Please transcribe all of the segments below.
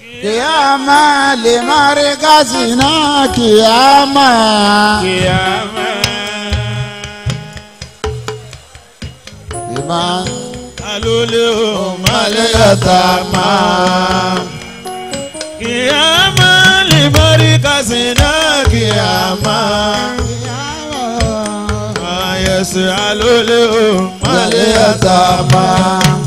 Kìyàmá lè má rí gáàsì náà kìyàmá. Kìyàmá. Ìmá. Alólè ò má lè yàtà máa. Kìyàmá lè má rí gáàsì náà kìyàmá. Kìyàmá. Àyẹ̀sẹ̀ alólè ò má lè yàtà máa.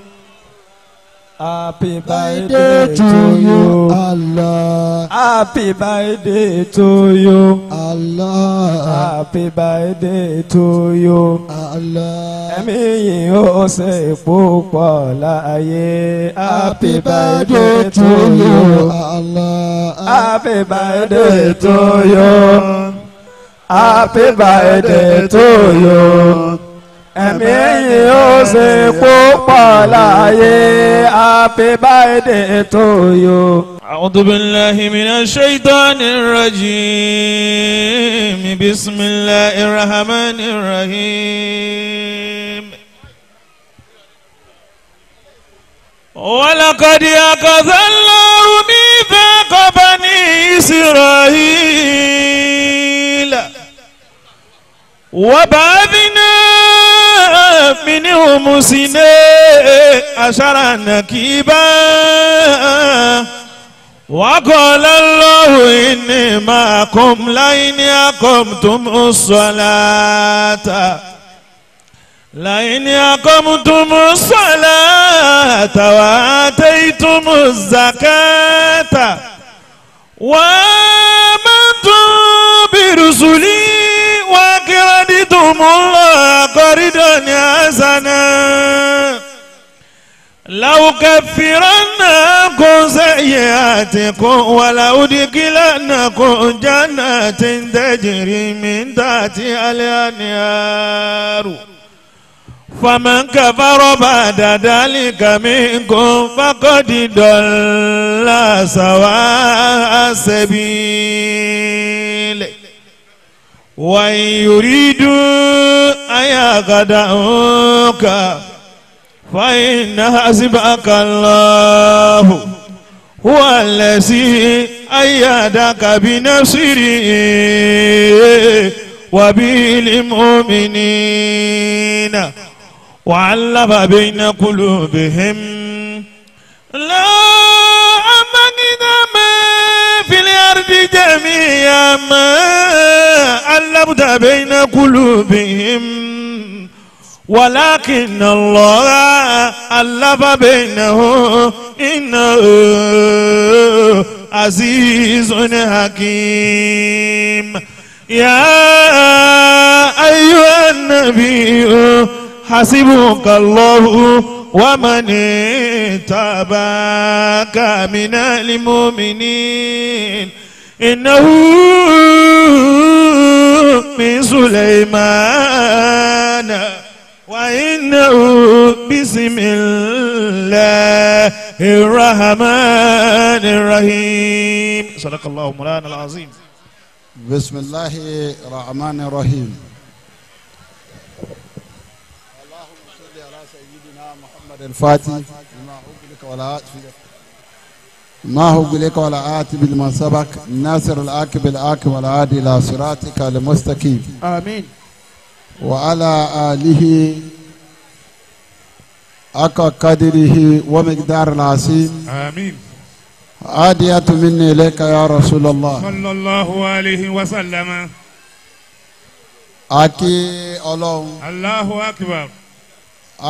Happy birthday to you, Allah. Happy birthday to you, Allah. Happy birthday to you, Allah. Ẹ̀mí yìí ó ṣe púpọ̀ láàyè. Happy birthday to you, Allah. Happy birthday to you, Happy birthday to you. ẹ̀mí yóò ṣe púpọ̀ láàyè happy birthday to you. أعوذ بالله من الشيطان الرجيم بسم الله الرحمن الرحيم ولقد أخذ الله ميثاق بني إسرائيل وبعث منه مسنا عشر نكيبا وقال الله إني معكم لئن أقمتم الصلاة لئن أقمتم الصلاة وآتيتم الزكاة وآمنتم برسلي الله قرضا حسنا لأكفرنكم سيئاتكم ولأدخلنكم جنات تجري من تحتها الأنهار فمن كفر بعد ذلك منكم فقد ضل سواء السبيل وإن يريدوا أيقدعوك فإن حسبك الله هو الذي أيدك بنصره وبه للمؤمنين وعلف بين قلوبهم لا أمكن ما في الأرض جميعا كتبت بين قلوبهم ولكن الله ألف بينهم إنه عزيز حكيم يا أيها النبي حسبك الله ومن تابك من المؤمنين إنه من سليمان وإنه بسم الله الرحمن الرحيم صدق الله مولانا العظيم بسم الله الرحمن الرحيم اللهم صل على سيدنا محمد الفاتح لما أغلق ولا أتفق معه بلك ولا آت بما سبق ناصر العاق بالعاق والعادي إلى صراطك المستقيم آمين وعلى آله حق قدره ومقدار العظيم آمين عادية مني إليك يا رسول الله صلى الله عليه وسلم أكي الله الله أكبر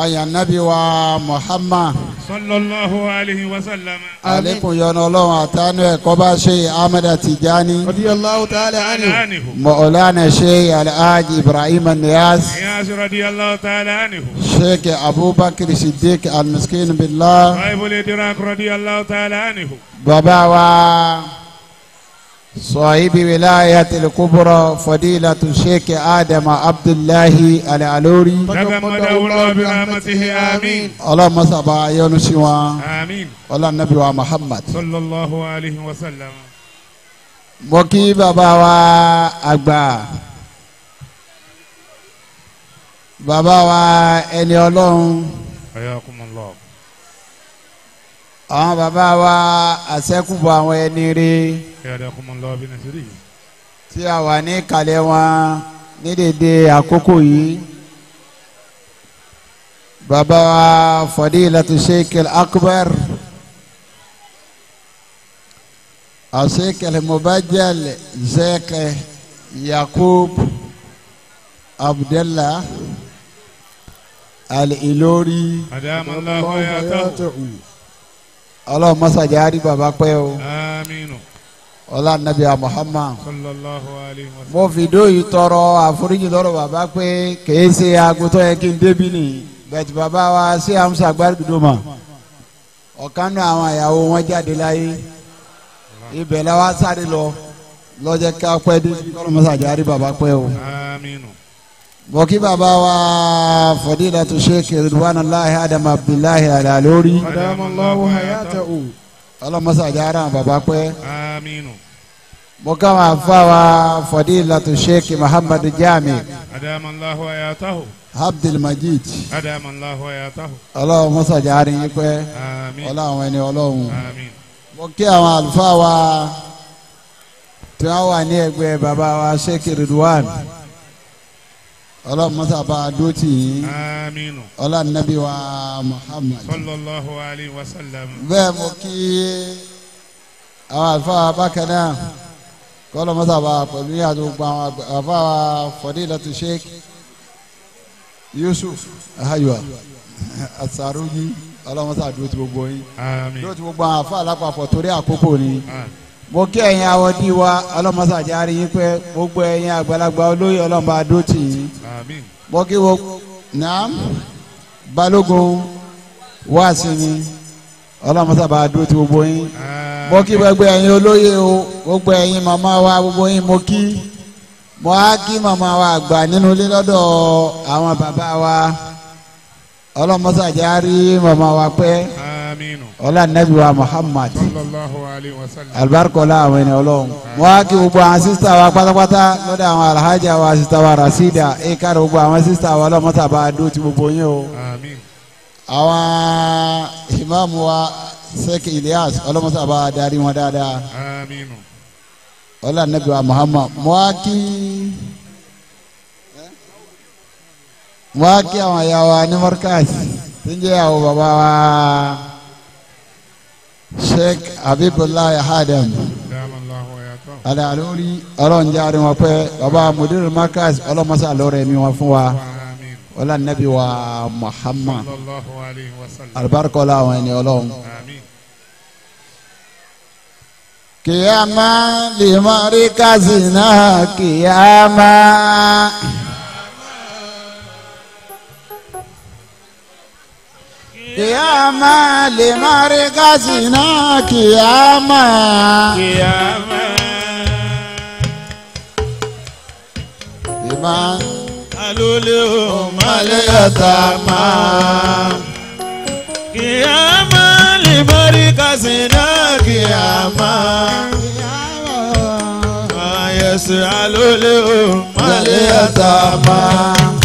àyàn nábì wa Muhammad. sallallahu alayhi wa sallam. alekun yọnu ọlọ́run àtànú ẹ̀kọ́ bá ṣe Ahmad Tijani. radiyallahu ta'ala anhu. mọ̀ọ́lánà ṣe alhaji Ibrahim Niyas. Niyas radiyallahu ta'ala anhu. sheikh Abubakar Siddiq almiskin billah. baibul idrak radiyallahu ta'ala anhu. bàbá wa. صاحب ولاية الكبرى فضيلة الشيخ آدم عبد الله العلوري تغمده الله برحمته آمين اللهم صل على يونسوا آمين ولا النبي محمد صلى الله عليه وسلم mo kí bàbá wa àgbà bàbá wa ẹni ọlọ́run. ayakumullah àwọn bàbá wa àṣẹkùbọ̀ àwọn ẹni rí tí a wà ní kalẹ̀ wọn ní dédé àkókò yìí bàbá wa fadilatu sheikh al-akbar sheikh al-mubajjal sheikh yakub abdullah Alilori. ilori adamallahu ọlọ́run mọ́sàjà rí bàbá pẹ́ o. àmín. ọlá Muhammad. sallallahu alayhi wa mo fi dóyì tọrọ àforíjì lọ́rọ̀ bàbá pé kèé ṣe agutọ́ yẹ kí n débi ni bẹ̀tì bàbá wa ṣé amusa gbàdúgbò ma ọ̀kan náà àwọn àyàwó wọn jáde láyé ibẹ̀ la wá sáré lọ lọ́jọ́ ká pẹ́ débi ọlọ́run mọ́sàjà rí bàbá pẹ́ o mo kí bàbá wa fadilatu sheikh ridwanallahi adam abdullahi alalori. adamallahu hayatahu. ọlọmọsá àjàrà bàbá pẹ́. aminu. mo ká wa fa wa fadilatu sheikh muhammadu jami. adamallahu hayatahu. abdulmajid. adamallahu hayatahu. ọlọmọsá àjàrà yín pẹ́. amin. ọlọ́run ẹni ọlọ́run. amin. mo kí àwọn àlùfáà wa tí wọ́n wà ní ẹgbẹ́ bàbá wa sheikh ridwan. Amin ọlọ́run mọ́sá bá a dó tì yín. amiinu. nabi wa muhammad. sallallahu alayhi wa sallam. bẹ́ẹ̀ mo kí àwọn àlùfáà bákan náà kọ́lọ́ mọ́sá bá a pẹ̀lú yàtọ̀ gba àwọn àlùfáà fadilatu sheikh yusuf ahayua asaruji ọlọ́run mọ́sá dó ti gbogbo yín. amiin. dó ti gbogbo àwọn àlùfáà lápapọ̀ torí àkókò ni. amiin mo kí ẹ̀yin awọ́dí wa ọlọ́mọsàjà rí i pé gbogbo ẹ̀yin àgbàlagbà olóyè ọlọ́mọba adótì yìí mo kí wo naam balógun wá sí mi ọlọ́mọsàbà adótì gbogbo yín mo kí gbogbo ẹ̀yin olóyè o gbogbo ẹ̀yin màmá wa gbogbo yín mo kí mo á kí màmá wa àgbà nínú ilé lọ́dọ̀ àwọn bàbá wa ọlọ́mọsàjà rí màmá wa pẹ́. Amen ọlá nàbí wa muhammad alibarikola àwọn ẹni ọlọ́run mo wá kí gbogbo àwọn sísítà wa pátápátá lọ́dọ̀ àwọn alhaja wa sísítà wa rasida èka gbogbo àwọn sísítà wa ọlọ́mọta bá a dó ti gbogbo yín o àwọn ìmáàmù wa sẹ́kì Ilyas ọlọ́mọta bá a darí wọn dáadáa ọlá nàbí wa muhammad mo wá kí mo wá kí àwọn ìyá ní mọ́rkàsì tí ń jẹ́ àwọn bàbá wa sheikh abibulayi adam alalori ọlọ́run jẹ́ àárín wọn pẹ́ baba mudir makas ọlọ́mọsá lọ́rọ̀ ẹ̀mí wọn fún wa ọlá nabi wa muhammad alibarikọla àwọn ẹni ọlọ́run. kìyàmá lè mọ rí kásìnà kìyàmá. Kìyàmá lè má rí gáàsì náà kìyàmá. Kìyàmá. Ìmá. Alólè ò má lè yàtà máa. Kìyàmá lè má rí gáàsì náà kìyàmá. Kìyàmá. Ah, Àyẹ̀sẹ̀ alólè ò má lè yàtà máa.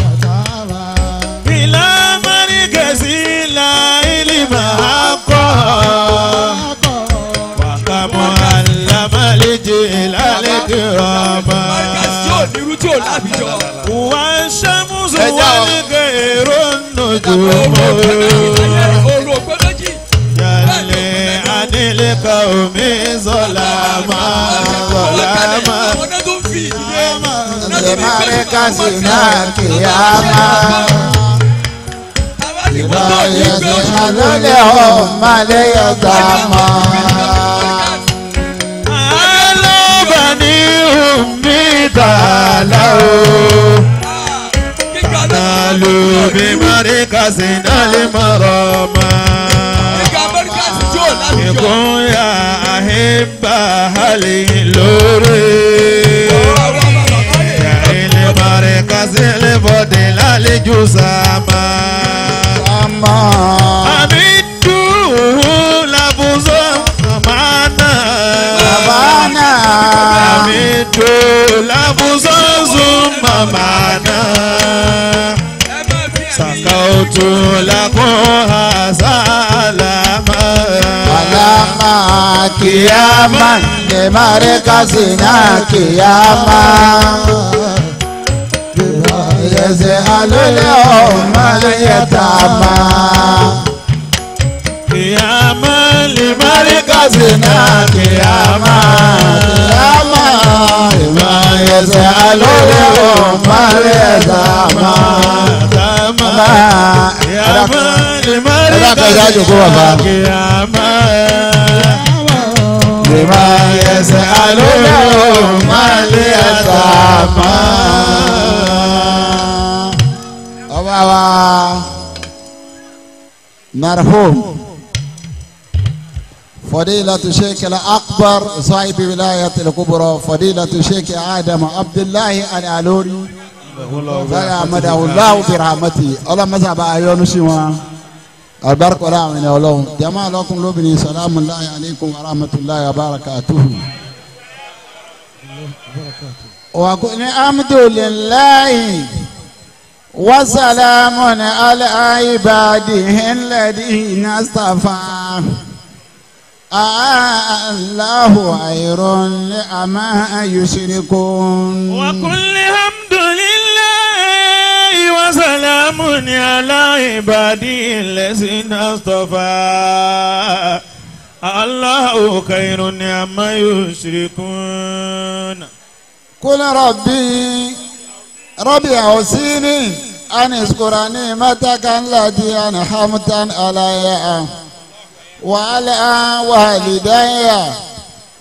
tí ò lábìjọ. wà á ṣe musu wà ní kẹrọ nojú mọ́. oru ògbó méjì. yàlẹ̀ adílé ka omi zọlá máa zọlá máa. Sèmáré kásìnà kìyàmá. Ìwà ìgbésà lọ́lẹ̀ ọ̀ máa lé yọ̀gbà mọ́. Alóbàní omi tààlà o. Nàlù bí Márìkàsì náà lè mọ̀rọ̀ mọ́. Ìkún ya àhìnbá hàlì lórí. Ìlú Márìkàsì lè bọ̀dẹ̀ lálejò sàmà. Sàmà. Àmín. mito labuzazu mamana sakautu lako salama alama kiyama ne mare kazina kiyama yẹsẹ alólè ọmọ yẹta máa. Kìyàmá limarika zina kìyàmá. Kìyàmá ìmọ̀ ẹ̀sẹ̀ alóde òmàlẹ̀ ẹ̀dàmá. Dàmá kìyàmá limarika zina kìyàmá. Ìmọ̀ ẹ̀sẹ̀ alóde òmàlẹ̀ ẹ̀dàmá. Ọba wa marhum. فضيلة الشيخ الأكبر صاحب ولاية الكبرى فضيلة الشيخ آدم عبد الله الألوري sàyàmàdà ọlọ́wọ́ bìràmàtì ọlọ́mọsàbà ayọ́nusi wọn alibarikola àwọn ènìyàn ọlọ́wọ́ jama alọ́kun lóbìnrin salamu alayhi aleykum wa rahmatulahi wa barakatuhu. wàkùnrin amdulilayi wasalaamu ala ibadihi ladina safa. الله خير لأما يشركون وكل حمد لله وسلام على عبادي الذين اصطفى الله خير لأما يشركون قل ربي ربي أوصيني أن أذكر نعمتك التي أنعمت علي وعلى والدي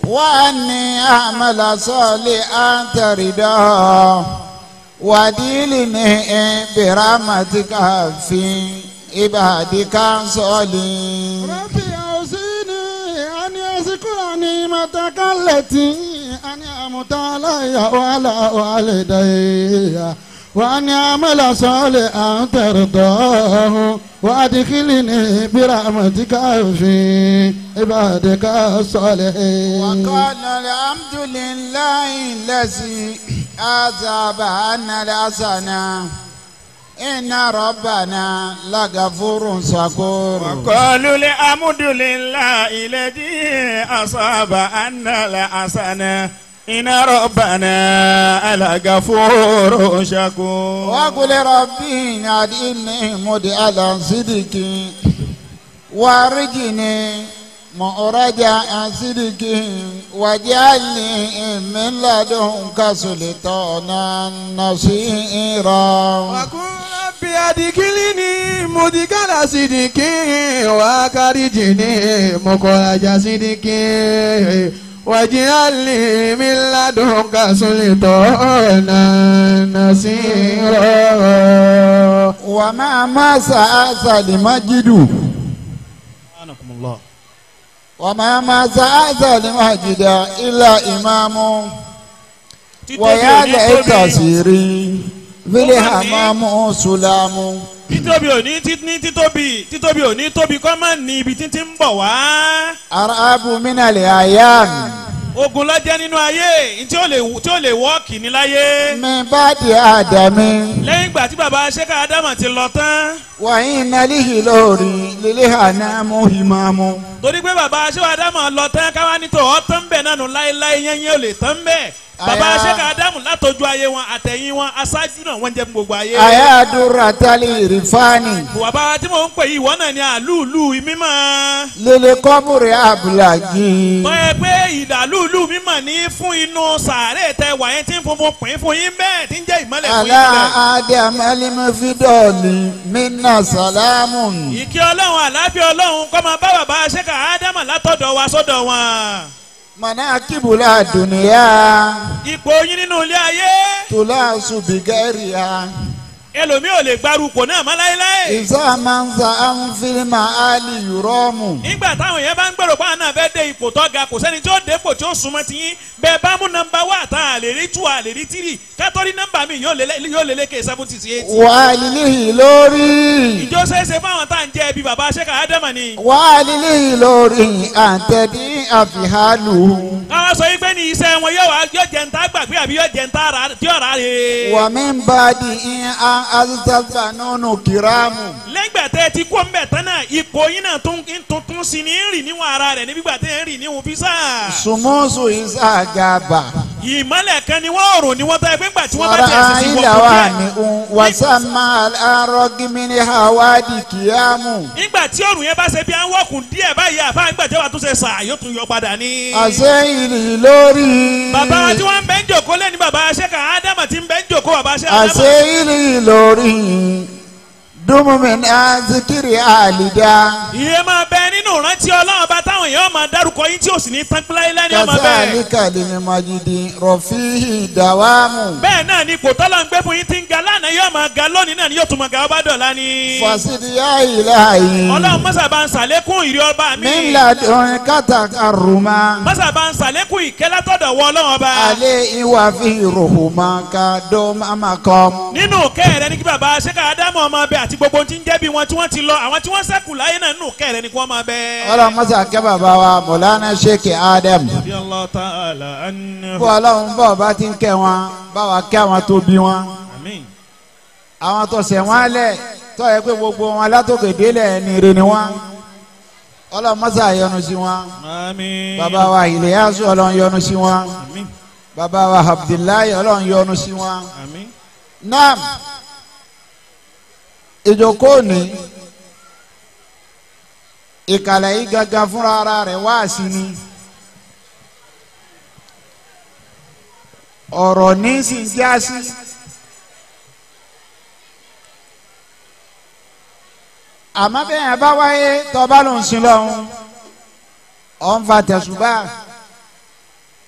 وأني أعمل صالحا ترضاه وديلني برحمتك في عبادك صالحين ربي أوصيني أن يذكر علي وعلى والدي وأن يعمل صالحا ترضاه وأدخلني برحمتك في عبادك الصالحين وقال الحمد لله الذي أذابنا الحسنة إن ربنا لغفور شكور وقالوا الحمد لله الذي أصاب أن الحسنة iná rọ̀bànà alágàfóró ṣàkó. wákùlẹ̀ rọ̀bì ní àdínní mọ̀dé aláǹsídìkì wàrígìní mọ̀ọ́rájà àǹsídìkì wàjáàlì ìmíládùnká sùlẹ̀tọ̀nà nàṣírà. wàkùnrin bí adìgílì ni mọ̀dígàlà sídìkì wákàríjì ni mọ̀kọ́rajà sídìkì. واجعلني من لدنك سلطانا نصيرا وما مسأس لمجد الله وما مسأس لمجد إلا إمام ويا ليت سيري في الهمام سلام títóbi òní títóbi títóbi òní tóbi kọ́ máa ní ibi títí ń bọ̀ wá. arabu minale ayam. ogun lọ́jẹ́ nínú ayé tí ó lè tí ó lè láyé. mi bá di àdàmì. lẹ́yìn ìgbà tí bàbá sẹ́ka ádámà ti lọ tán. wàyí nálí ìlọrin lílé àná mú ìmàmù. torí pé bàbá sẹ́ka ádámà lọ tán káwá nítòọ́ tán bẹ̀ náà nù láéláé yẹn yẹn ò lè tán bẹ́ẹ̀ bàbá sẹ́ka Adamu látọjú ayé wọn àtẹ̀yìn wọn aṣáájú náà wọ́n jẹ́ fún gbogbo ayé. àyà àdúrà tali rìfáàní. bàbá tí mò ń pè yìí wọ́n náà ni àlùlù mímọ́. lele kọ́mùrẹ́ àbùlàjì. tọ́ ẹ pé ìdàlùlù mímọ́ ní fún inú sàárè tẹ wàyẹn tí ń funfun pín fún yín bẹ́ẹ̀ tí ń jẹ́ ìmọ́lẹ̀ fún yín bẹ́ẹ̀. àlá adé amálímọ́ fídọ̀ọ̀lì mínà sàlámù. ìkí ọlọ́run àlàáfíà ọlọ́run kó mana kibula duniya. ipò yín nínú ilé ayé. tula subigariya ẹlòmíì ò lè gbarukò náà mọ́ láéláé. ìsá máa ń sa àǹfìlímà àlì rọ́ọ̀mù. nígbà táwọn yẹn bá ń gbèrò báwọn náà fẹ́ ipò tó kò sẹ́ni tí ó dépò tí ó súnmọ́ ti yín bẹ́ẹ̀ bá mú nọ́mbà wá àtà àlèrí tù àlèrí tìrì kátọ́rí nọ́mbà mi yóò lélékè seventy sí wà á nílì lórí. ìjọ ṣeéṣe fáwọn tá à ń jẹ ẹbí bàbá ṣẹ́ka ádámà ni. wà á nílì lórí àtẹ̀dí àfihàlù. káwọn sọ yìí pé ní iṣẹ́ wọn yóò jẹ́ ń tá gbàgbé àbí yóò jẹ́ ń tá rà tí wà mí ń bá di ìhàn azazaba nínú kiramu. lẹ́gbà tẹ́ ti kó ń bẹ̀ tán náà ipò yín náà tún tuntun sí ni rìn níwọ̀n ara rẹ̀ nígbà tẹ́ ń rìn níwọ̀n fisa. sùmọ́sù isa gaba. ìmọ̀lẹ̀ kan ni wọ́n rò ní wọ́n tẹ́ pé ńgbà tí wọ́n bá tẹ̀ sí wọ́n kò díẹ̀. wàsá máa arọ gímìnì hawadi kiramu. nígbà tí òrùn yẹn bá ṣe bí wọ́kùn díẹ̀ báyìí àfa nígbà tí wàá tún ṣe sà yóò tún yọ padà ní. àṣẹ lórí. bàbá tí wọ́n ń bẹ́ ń jòkó glory dúnmù mi ní azikiri àlìdá. ìyẹn máa bẹ nínú ìrántí ọlọ́run bá táwọn èèyàn máa dárúkọ yín tí ò sì ní tán pílẹ́ ilé ni ọmọ bẹ́ẹ̀. kàṣà àníkàlẹ̀ ni màjìdì rọ̀fíì dàwámù. bẹ́ẹ̀ náà ni kò tọ́lọ́ ń gbé fún yín tí ń ga lánàá yóò máa ga lónìí náà ni yóò tún máa ga ọba dọ̀la ni. fàṣídìyà ìlàyé. ọlọ́run mọ́sà bá ń sàlékún ìrí ọba mi. mi là dùn kàtà karùmá. mọ́sà bá ń sàlékún ìkẹ́lẹ́tọ̀dọ̀ wọ ọlọ́run ọba. alẹ́ ìwà fi ròhùn máa ka ni kí bàbá ṣẹ́ka ádámù ọmọ àti gbogbo tí ń jẹ́bi wọn tí wọ́n ti lọ àwọn tí wọ́n ṣẹ́kù láyé náà nù kẹ́rẹ́ ni kí máa bẹ́. ọlọ́run mọ́sá kẹ́ bàbá wa mọ̀lánà ṣèkè adam. bó ọlọ́run bọ̀ bá ti ń kẹ́ wọn bá wa kẹ́ àwọn tó bí wọn. àwọn tó ṣẹ̀ wọ́n lẹ̀ tó yẹ pé gbogbo wọn látòkè délẹ̀ nìire ni wọ́n. ọlọ́run mọ́sá yọ́nú sí wọn. bàbá wa ìlẹ̀yàsó ọlọ́run yọ́nú sí wọn. bàbá wa abdullahi ọlọ́run yọ́nú sí wọn. naam. naam ìjókòó ni ìkàlẹ̀ yìí gangan fúnra ara rẹ̀ wá sí ni ọ̀rọ̀ ní sì ń já sí. àmọ́ bí yẹn bá wáyé tọ́ba ló ń sin lọ́hún ọ̀ ń fa tẹ̀sùbà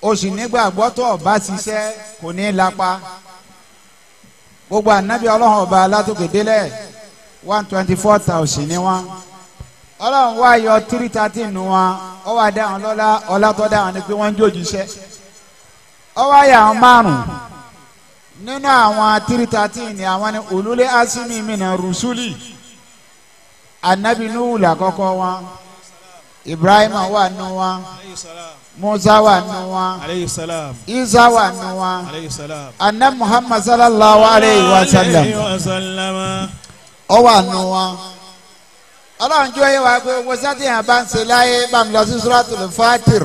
o sì nígbàgbọ́ tó ọba ṣiṣẹ́ kò ní í lapa gbogbo ànábì ọlọ́run ọba látòkè délẹ̀ one twenty four thousand ni wọn ọlọ́run wá yọ three thirty nù wọn ọ wá dá wọn lọ́lá ọlá tó dá wọn ni pé wọ́n ń jòjìṣẹ́ ọ wá yà wọn márùn nínú àwọn three thirty ni àwọn ni olólè asimi mina rusuli anabi nuhu làkọ́kọ́ wọn ibrahim wà nù wọn musa wà nù wọn isa wà nù wọn anabi muhammad sallallahu alayhi wa sallam ọwọ́ àánú wọn ọlọ́run jọ yẹ wá pé owó sátì yẹn bá ń ṣe láyé bàmí lọ sí suratul fatir.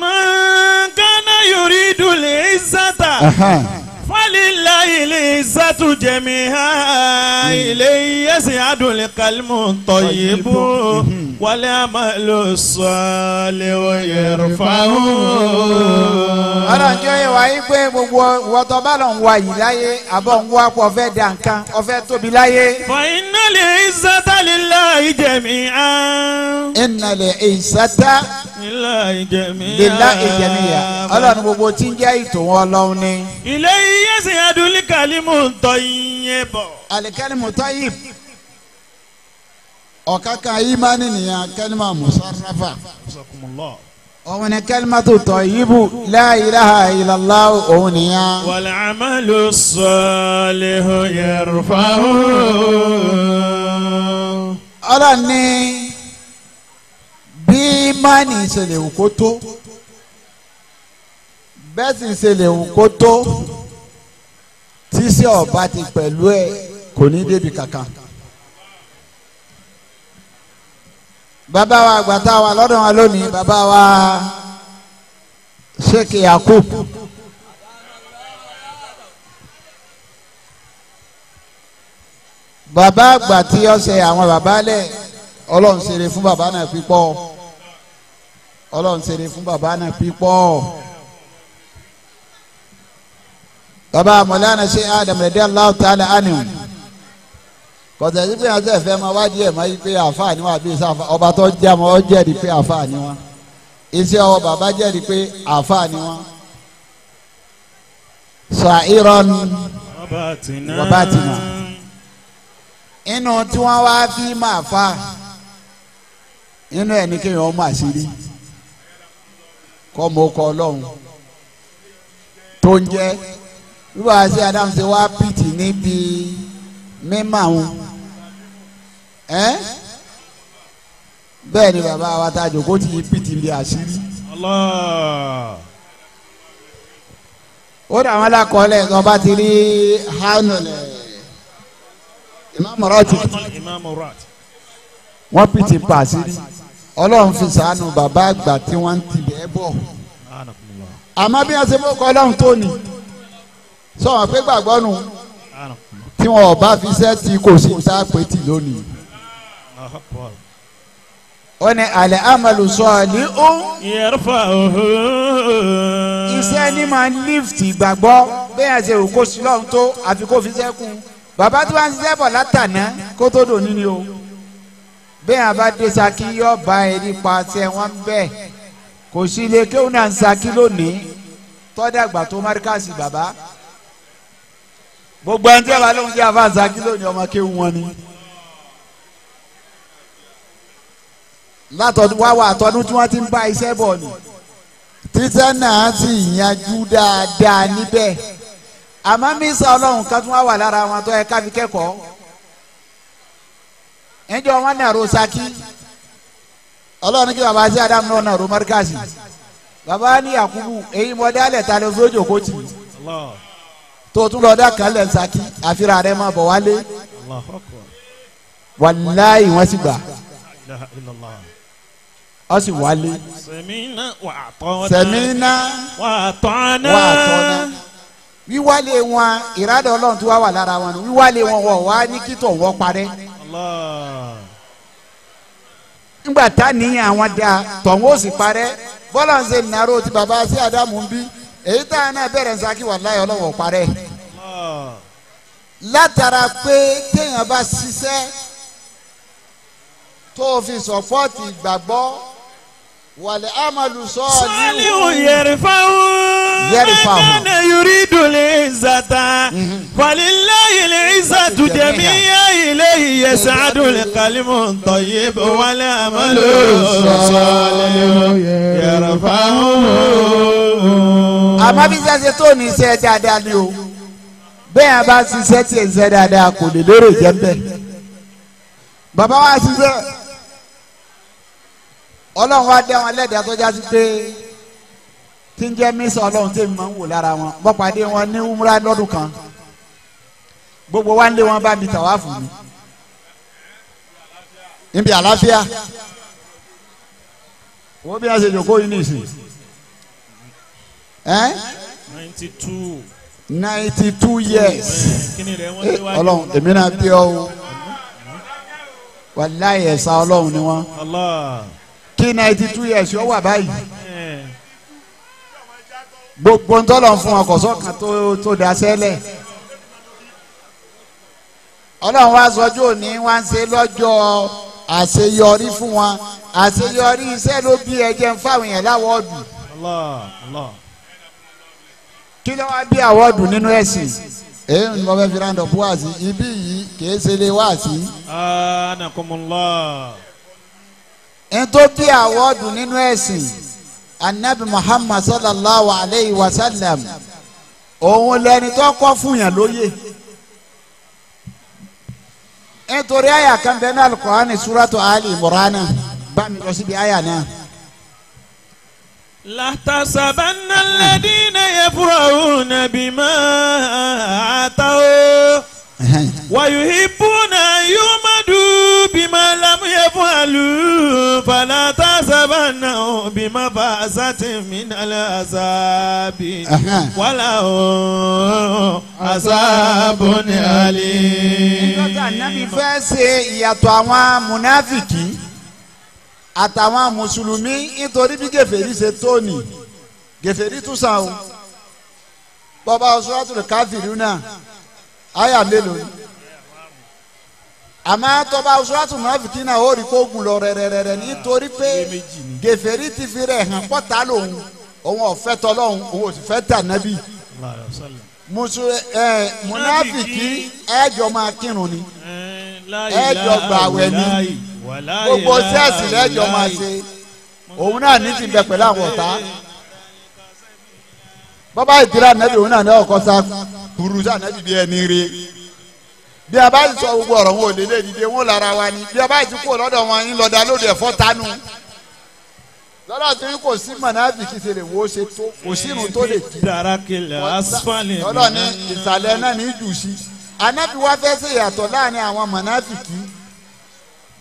man kana yuridu l-izzata fálílà ilé ìsàtújẹmí ha ilé yẹsìn adùnlé kalimu tọyìnbó wálé àmàlò sọlẹ òyèrè fáwọn. ọlọ́njọ́ yẹn wá yí pé gbogbo wọ́tọ́ bá lọ ń wá yìí láyé àbọ̀ ń wá pọ̀ fẹ́ dà nǹkan ọ̀fẹ́ tóbi láyé. fàyínà lè ìsàtà lílà ha. ìnà lè ìsàtà lílà ha. ọlọ́run gbogbo tí ń jẹ́ ìtòwọ́ ọlọ́run ni. ilé yìí yẹ́sì adúlíkàlímù tọ́ iye bọ̀. alikẹ́límù tọ́ yìí ọ̀kàkà ìmánì nìyẹn kẹ́límà musarrafa. òun ni kẹ́límà tó tọ́ yìí bù la ilaha illallah òun nìyẹn. wal amalu salihu yarfa'u. ọlọ́ni bí ìmánì ìṣẹ̀lẹ̀ òkótó bẹ́ẹ̀ sì ń ṣẹlẹ̀ òkótó bí sí ọba ti pẹ̀lú ẹ̀ kò ní débi kankan. bàbá wa àgbàtà wa lọ́dọ̀ wa lónìí bàbá wa Sheikh Yakub. bàbá àgbà tí ó ṣe àwọn bàbá lẹ̀ ọlọ́run ṣeré fún bàbá náà pípọ̀ ọlọ́run ṣeré fún bàbá náà pípọ̀. baba mọlẹ́nà ṣe adam rẹ̀ dé aláwọ̀ tálẹ̀ ánìwò kọ̀tẹ́ sí pé àti ẹ̀fẹ́ máa wádìí ẹ̀ máa yí pé àfa ni wọn àbí ìsá àfa ọba tó jẹ́ àmọ́ ọ jẹ́rìí pé àfa ni iṣẹ́ ọwọ́ bàbá jẹ́rìí pé àfa ni wọn. sàìrọ̀n wàbàtìnà inú tí wọ́n wá fi máa fa inú ẹ̀ ní kéèyàn ọmọ àṣírí kọ́ mọ́ kọ́ ọlọ́run tó ń jẹ́ wíwá sí Adam ṣe wá pìtì níbi mímọ àwọn ẹ bẹ́ẹ̀ ni bàbá wa tá a jòkó ti yí pìtì bí àṣírí. ó dà wọn lákọọlẹ kan bá ti rí hánù lẹ ìmáàmù rọtì wọn pìtì pa àṣírí ọlọ́run fi sàánù bàbá àgbà tí wọ́n ń tibẹ̀ bọ̀ àmọ́ bí wọ́n ṣe mú kọ́ ọlọ́run tó ni sọ̀rọ̀ pé gbàgbọ́ nù tí wọn ò bá fi iṣẹ́ ti kò sí ta pétì lónìí. ó ní alẹ́ amalu sọ̀ọ́lì ó. yẹrfa òhò. iṣẹ́ ni máa ń lift gbàgbọ́ bẹ́ẹ̀ ṣe òkó sílọ́run tó àfi kó fi sẹ́kù bàbá tí wọ́n ń ṣiṣẹ́ bọ̀ látàná kó tó dò nílé o bẹ́ẹ̀ abáde saki yọ ba ẹni paṣẹ wọn bẹ́ẹ̀ kò sí ilé kéwọn náà ń saki lónìí tọ́dàgbà tó márikàsì bàbá. gbogbo ẹni tí ẹ bá lóun jẹ́ àfáàsá kí ló ní ọmọ kéwù wọn ni. látọ̀dún wá wà àtọ́dún tí wọ́n ti ń bá iṣẹ́ bọ̀ ni títẹ́ náà sì yanjú dáadáa níbẹ̀ àmọ́ mísà ọlọ́run kan tún wá wà lára wọn tó yẹ fi kẹ́kọ̀ọ́ ẹjọ́ wọn nàró saki ọlọ́run kí baba sí adamu náà nàró mọ́ríkàsì baba ní yakubu èyí mọ́ dálẹ̀ ta ló sójò kó tì í. tó lọ dá kan lẹ̀ àfihàn rẹ̀ máa bọ̀ wálé wàláyé wọ́n wọ́n sì wálé wà tọ́nà wíwálé wọn ìrádà tó wà lára wọn wíwálé wọn wọ̀ wá ní parẹ́ àwọn tọ̀hún ó sì parẹ́ bọ́lá ń ṣe nàró ti bàbá sí ń bí. èyí tá a náà bẹ̀rẹ̀ nsaki wàláyé ọlọ́wọ́ parẹ́ látara pé téèyàn bá ṣiṣẹ́ tó fi sọ̀pọ́ọ̀tì ìgbàgbọ́ wàlẹ̀ amalu sọ́ọ̀lù. sọ́ọ̀lù yẹrì fáwọn. yẹrì fáwọn. wọ́n náà yorí dùnlé ìzàtà. wàlíláyé lè ìzàtù jẹ̀mí ilé ìyẹ̀ sàdùn kàlímù tọ̀yé wàlẹ̀ amalu sọ́ọ̀lù yẹrì fáwọn àmọ́ bí sẹ́sẹ́ tó ní iṣẹ́ dáadáa ni o bẹ́ẹ̀ yẹn bá ṣiṣẹ́ tí ìṣe dáadáa kò lè lérò jẹ́ ń bẹ̀. bàbá wa ṣiṣẹ́ ọlọ́run wa dẹ́ wọn lẹ́dàá tó jásí pé tí ń jẹ́ mísà ọlọ́run tí mi máa ń wò lára wọn wọ́n pàdé wọn ní umra lọ́dún kan gbogbo wa ń lé wọn bá mi tàwa fún mi níbi àlàáfíà wọ́n bí wọ́n ṣe jòkó yìí nìyí sí ẹ. ninety two. years. ọlọ́run èmi náà bí ọ o wàláyé ẹ̀sà ọlọ́run ni wọ́n kí ninety two years yóò wà báyìí eh. gbogbo ń tọ́lọ̀ fún wọn kò sọ́kàn tó tó da sẹ́lẹ̀ ọlọ́run wá sọjú òní wá ń ṣe lọ́jọ́ àṣeyọrí fún wọn àṣeyọrí iṣẹ́ ló bí ẹ̀jẹ̀ ń fáwọn yẹn láwọ́ ọ̀dùn kí ló wá bí àwọ́dù nínú ẹ̀sìn èyí ni mo fẹ́ fi round up wáàsí ibi yìí kìí ṣe lè wáàsí. anakumula. ètò bí àwọ́dù nínú ẹ̀sìn anabi muhammad sallallahu alayhi wa sallam òun lẹni tó kọ́ fún yàn lóye nítorí àyà kan bẹ́ẹ̀ ní alukóhánì suratu ali imurana bá mi lọ síbi àyà náà látàsàbánà lẹ́dínà yẹ fúra òun nàbí máa ta ó. wàyù hìbùnà yóò má dùn bímọ lámú yẹ fún àlù fàlà tàsàbánà bímọ fàṣà tì mí nàlẹ́ àṣàbí wàlà òun àṣàbò ní àtàwọn mùsùlùmí nítorí bí gèfèrí ṣe tóni gèfèrí tún sàn o bọba suratul kafiruna àyà mélòó ni àmọ́ tọba suratul munafikina ó rí kó gùn lọ rẹ̀rẹ̀rẹ̀ nítorí pé gèfèrí ti fi rẹ̀ hàn pọ́tà lòun òun ọ̀fẹ́ tọ́lọ́hún òun òsìfẹ́ tà nábì mùsùlùmí ẹ̀ mùnàfìkì ẹ̀jọ̀ máa kírun ni ẹjọ gbà àwẹ̀ ni gbogbo sẹ́ẹ̀sì lẹ́jọ máa ṣe òun náà ní ti bẹ pẹ̀lú àwọn ọ̀tá bọ́bá ìdílé ànábì òun náà ní ọkọ sá kúrú sí ànábì bí ẹni rí bí a bá ti sọ gbogbo ọ̀rọ̀ wọn ò lè lè dìde wọn lára wa ni bí a bá ti kú lọ́dọ̀ wọn yín lọ́dà lóde ẹ̀fọ́ tanu lọ́dọ̀ tí kò sí mọ̀nàbì kìí ṣe lè wo ṣe tó kò sínú tó lè di lọ́dọ̀ ní ìsàlẹ̀ náà ní jù anabi wa fẹ́ ṣe yàtọ̀ láàrin àwọn mọ̀nàfìkì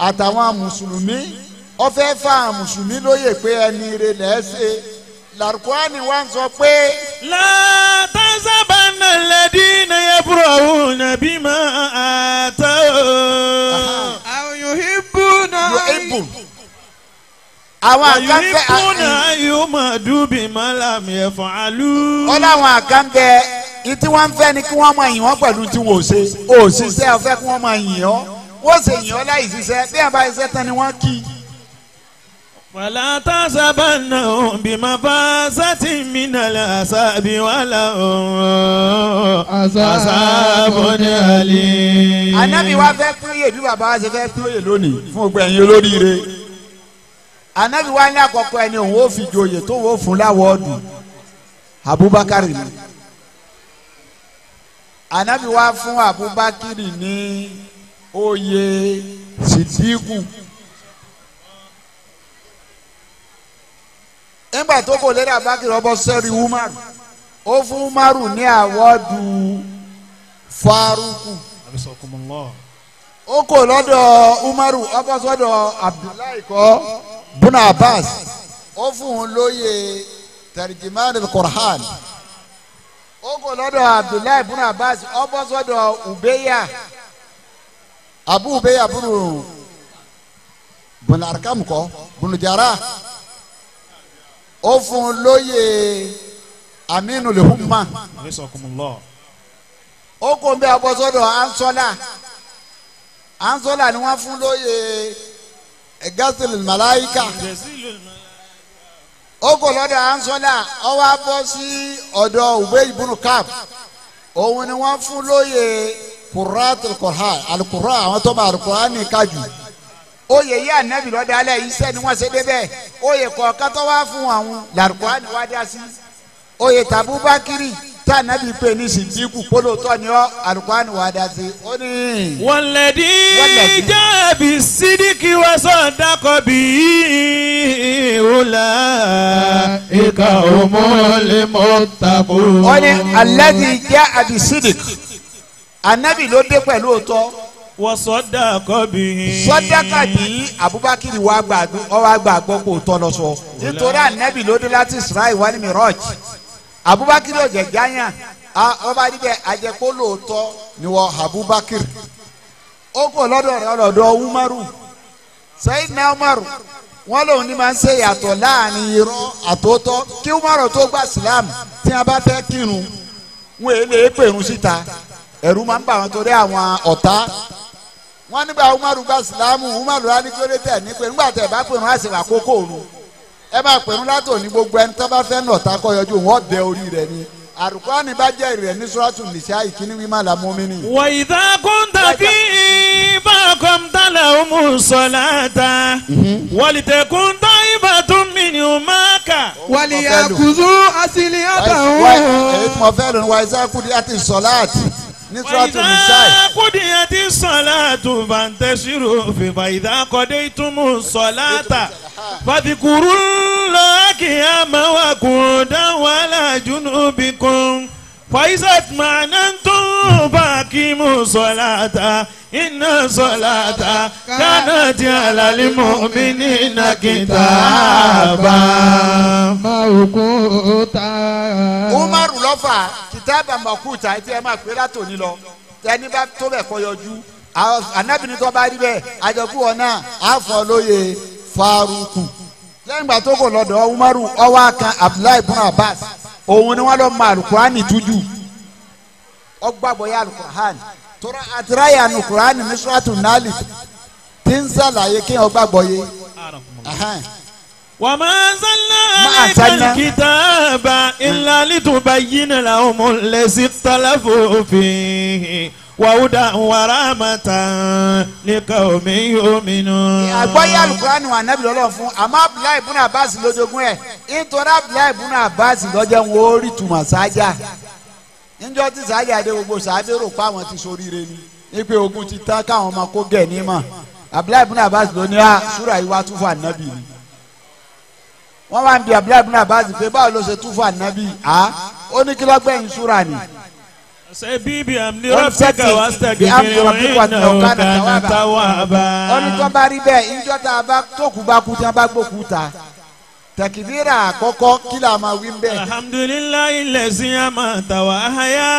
àtàwọn mùsùlùmí ó fẹ́ fa mùsùlùmí lóye pé ẹni rẹ̀ lẹ́ ṣe làrúkọ́ni wa ń sọ pé. látàzábà náà lẹ́dí náà yẹ búrọ̀ òun nàbí máa àtọ́. àwọn yòóhìbù náà. yòóhìbù àwọn àkàǹbẹ. yòóhìbù náà yóò máa dúbì má làmì ẹ̀fọ́ àlù. ó láwọn ìtí wọ́n fẹ́ ni kí wọ́n máa yìn wọ́n pẹ̀lú tí wọ́n ṣe òṣìṣẹ́ ọ̀fẹ́ kí wọ́n máa yìn ọ́ wọ́n ṣe yìn ọ́ láì ṣiṣẹ́ bí ẹ̀ bá ṣiṣẹ́ tán ni wọ́n kí i. ولا تحسبنهم بمفازة من العذاب ولهم عذاب أليم. Ànábì wa fẹ́ kúròyè bí bàbá wa ṣe fẹ́ kúròyè lónìí fún gbogbo ẹ̀yin olóríire. Ànábì wa ní àkọ́kọ́ ẹni òun ó fi joyè tó wò fún láwọ́ọ̀dù Abubakar ni anabi wá fún abubakar ní oyè sidiku nígbà tó kò lé abubakar ọbọ sẹ́rí umaru ó fún umaru ní àwọ́dù faruku ó kò lọ́dọ̀ umaru ọbọ sọ́dọ̀ abdullahi kọ́ buna abbas ó fún un lóye tarjimani al ó kò lọ́dọ̀ abdullahi ibn abbas ó ubeya abu ubeya bunu bunu arkam kọ bunu jara ó fún lóye aminu lehuma ó kò ń ansola ansola ni wọ́n fún lóye gasil malaika ó kò lọ́dọ̀ ansola ó wá bọ́ sí ọ̀dọ̀ òwe ìbúnú cap òun ni wọ́n fún lóye kuratul Qur'an alukura àwọn tó bá alukura ní kájú oyè yìí ànábì lọ́dọ̀ alẹ́ iṣẹ́ ni wọ́n ṣe débẹ̀ oyè kọ̀ọ̀kan tó wá fún àwọn làlùkura ni wọ́n dá sí oyè tàbú bákírì tá nàbí pé ní sìndíkù pólótọ́ ni ọ́ alukwani wà dá sí i ó ní. wọ̀lẹ́dí jáàbí sídìkì wá sọ̀dá kọ́ bí ìhùlà ìka òmùlẹ́mọ́ tàbó. alẹ́dí jáàbí sídìkì anabi ló dé pẹ̀lú òótọ́. wọ́n sọ́dà kọ́ bí. sọ́dà kàbí abubakar wa gbàgbọ́ kó tọ́ lọ sọ. nítorí anabi ló dé láti israel wani miraj. abubakar ọ̀jẹ̀jẹ̀ àyàn ọba níbẹ̀ àjẹpọ̀ lóòótọ́ ni wọ́n abubakar ó kò lọdọ rẹ̀ lọ́dọ̀ umaru sayidina umaru wọn lòun ni máa ń ṣe yàtọ̀ láàrin irọ́ àtòótọ́ kí umaru tó gba silamu tí wọn bá fẹ́ kírun wọn èlé pèrún síta ẹ̀rù máa ń bà wọn torí àwọn ọ̀tá wọn nígbà umaru gba silamu umaru rà ní kí ó lè tẹ̀ ní pé nígbà tẹ̀ bá pèrún àṣìwà kókó òru. ẹ bá pẹ̀lú látò ní gbogbo ẹni tó bá fẹ́ nà ọ̀tá kọ́ yọjú wọn dẹ orí rẹ ni àrùkọ́ ni bá jẹ́ rẹ̀ ní sọ́ọ́tù nìṣá ìkíní mímọ́ la mú mi ni. wà ìdá kúńtà tí bákan tálẹ̀ ọmú sọ̀lá ta wàlìtẹ̀ kúńtà ibà tún mi ni o máa kà. wàlìyà kùzú asìlì àtàwọn. èyí tí àti sọ̀lá àti nítorátù nìsáì. wàyíná kúndìyàn ti sọ̀lá tó bá ń tẹ̀sírò fìfà ìdákọ̀dé ìtumù sọ̀lá ta fàfikùrú lọ́ọ̀kì àmọ́ wà kùn dáwọ́ aláàjúnú faisat manantun bakimu solata inna solata kanati alali mu'mini na kitaba maukuta. umaru lọ́fà kitaba maukuta etí ẹ máa pè látòní lọ tẹni bá tó bẹ̀ kọ́ yọjú anabini tó bá rí bẹ́ẹ̀ àjọkú wọn náà àfọlóye faruku lẹ́yìn ìgbà tó kò lọ́dọ̀ umaru ọwọ́ kan abdullahi ibn abbas òun ni wọ́n lọ ma alukurani tuju ọgbàgbọ́ ya alukurani tora àtìráyà alukurani ní sọ́ọ̀tún náàlì tí ń sàlàyé kí wọ́n gbàgbọ́ yé. wa ma anzalna al-kitaba illa litubayyina lahumul ladhi ikhtalafu fihi wàhúdà wàràmàtà nìkan omi omi nù. àgbọ̀yé alukurani wà nẹ́bí lọ́lọ́ fún àmọ́ abdullahi ibùnà abbas lójoogun ẹ̀ nítorí abdullahi ibùnà abbas lọ́jọ́ ń wọ́ọ́rì tùmọ̀ sáájà níjọ́ tí sáájà dé gbogbo sáájà rò pa àwọn ti soríire ni ipe ogun ti tán káwọn ọmọ kó gẹ̀ ní mọ̀ abdullahi ibùnà abbas ló ní a ah, súra yìí wá tún fún ànábì ni wọ́n wá ń bi abdullahi ibùnà abbas pé báwo ló ṣe tún fún ànábì ah, one thirty bí àmì ọ̀rọ̀bí wà ní ọ̀ká náà tàwábà. wọ́n ní tó bá rí bẹ́ẹ̀ ìjọ tá a bá tókù bá kú tí wọ́n bá gbókù ta takibira àkọ́kọ́ kila ma wí bẹ. alhamdulilayi lẹsin a ma ta wa haya.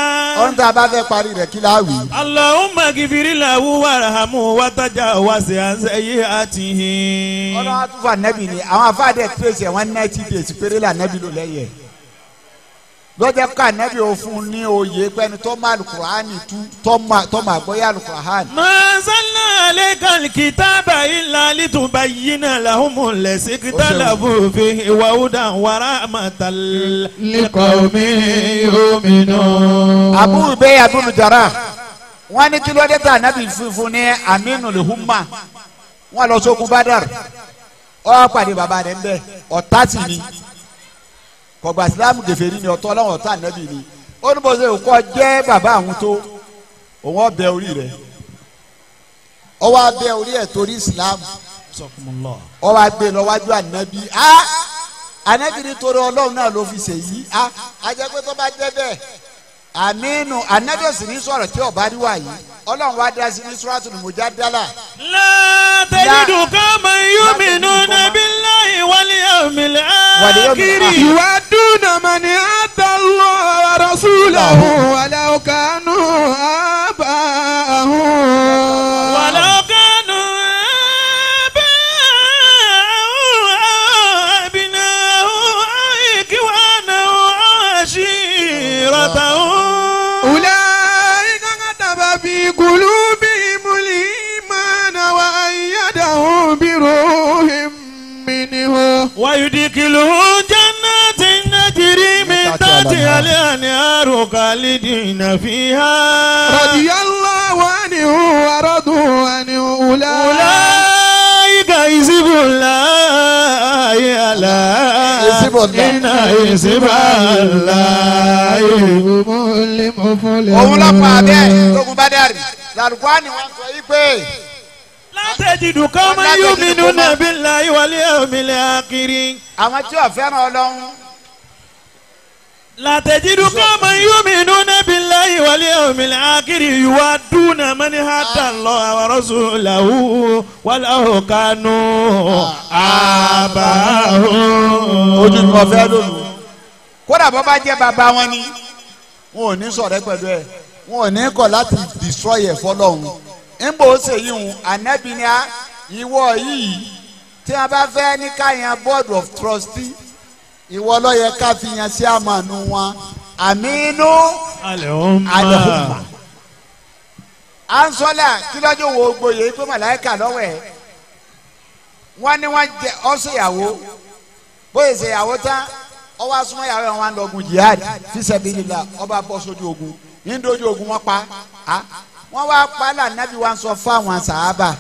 ọ̀n tá a bá fẹ́ parí rẹ̀ kila wí. alahumma kibirila warahamu wataja wase anse ye ati. ọlọ́wọ́ tún fún anabi ni àwọn afáàdé tírèsì ẹ̀ wọ́n náà ti dèsí péré la anabi ló lẹ́yẹ̀ lọ́jọ́ ká nábì òfun ní oyè pẹ́ni tó máa alukur'ani tú tó máa gbọ́yà alukur'ani. mọ̀sálà lè kàn kìtàbà ilà lítùbà yìí náà làwọn mọ̀ lẹ́sìn kìtàbà fòfin ìwà òdà wàrà àmàtà lẹ́kọ̀ mi omi náà. àbúrò bẹ́ẹ̀ àbúrò jara wọ́n ní kí ló dé tà funfun ní aminu lehuma wọ́n lọ sókun badar ó pàdé bàbá rẹ̀ ń bẹ̀ ọ̀tá sì ni kọgbà sílámù gèfèrí ni ọ̀tọ̀ Ọlọ́run ọ̀tọ̀ ànábì ni ó ní bó ṣe kọ jẹ́ bàbá àwọn tó òun ọbẹ orí rẹ̀ ọwọ́ abẹ orí ẹ̀ torí ìsìlámù ọwọ́ abẹ lọ́wájú ànábì á ànábì nítorí Ọlọ́run náà ló fi ṣèyí á ajẹ́ pé tó bá jẹ́ bẹ́ẹ̀ àmínú ànábì òsì ní sọ̀rọ̀ tí ọ̀bá rí wà ọlọ́run wa dá sí ní suratul mujadala. látẹ̀lídùn kan mọ yúmi nù nàbí láì wálé àmìlẹ̀ àkìrì. ìwà dùnà mà ní àtàlọ́ rasulahu aláwọ̀ kánú àbáhùn. ادخلوا جنات تجري من تحتها الانهار خالدين فيها رضي الله عنه ورضوا عنه اولئك حزب الله لا ان حزب الله هم المفلحون. òun lọ pàdé tógun bá dárì làlùkọ́ ni wọ́n sọ yí pé tẹ́jìdù kọ́ máa yú mi nù nàbí la ìwàlẹ̀ òmìnira akiri. àwọn tí wàá fẹ́ràn ọlọ́run. látẹ̀jìdù kọ́ máa yú mi nù nàbí la ìwàlẹ̀ òmìnira akiri ìwà dúnà mẹ́ni hàtà ah. lọ àwọ̀rọ̀ sùn làwù wàlà òkànú ah. àbáhù. ojú ni wọn fẹ́ lòlù. kódà bó bá jẹ́ bàbá wọn ni wọn ò ní ṣọ̀rẹ́ pẹ̀lú ẹ̀ wọn ò ní kọ̀ láti destroy ẹ̀ fọlọ́run ńbò ṣe yìí hùn ànábì ni a ìwọ yìí tí a bá fẹ́ ní ká yan board of trustee ìwọ ló yẹ ká fi yan sí àmàánu wọn àmínú àlẹ́hùnmá ansola kílódé wo gboyè pé màláìka lọ́wọ́ ẹ̀ wọ́n ní wọ́n jẹ ọ́sẹ̀yàwó bóyè ṣèyàwó tán ọwọ́ asúmọ́ yàrá wọn lọ́gùn jihad fi sabilillah ọba bọ́ sójú ogun ní dojú ogun wọn pa á ah, wọ́n wá pálá nábì wá ń sọ fáwọn sàábà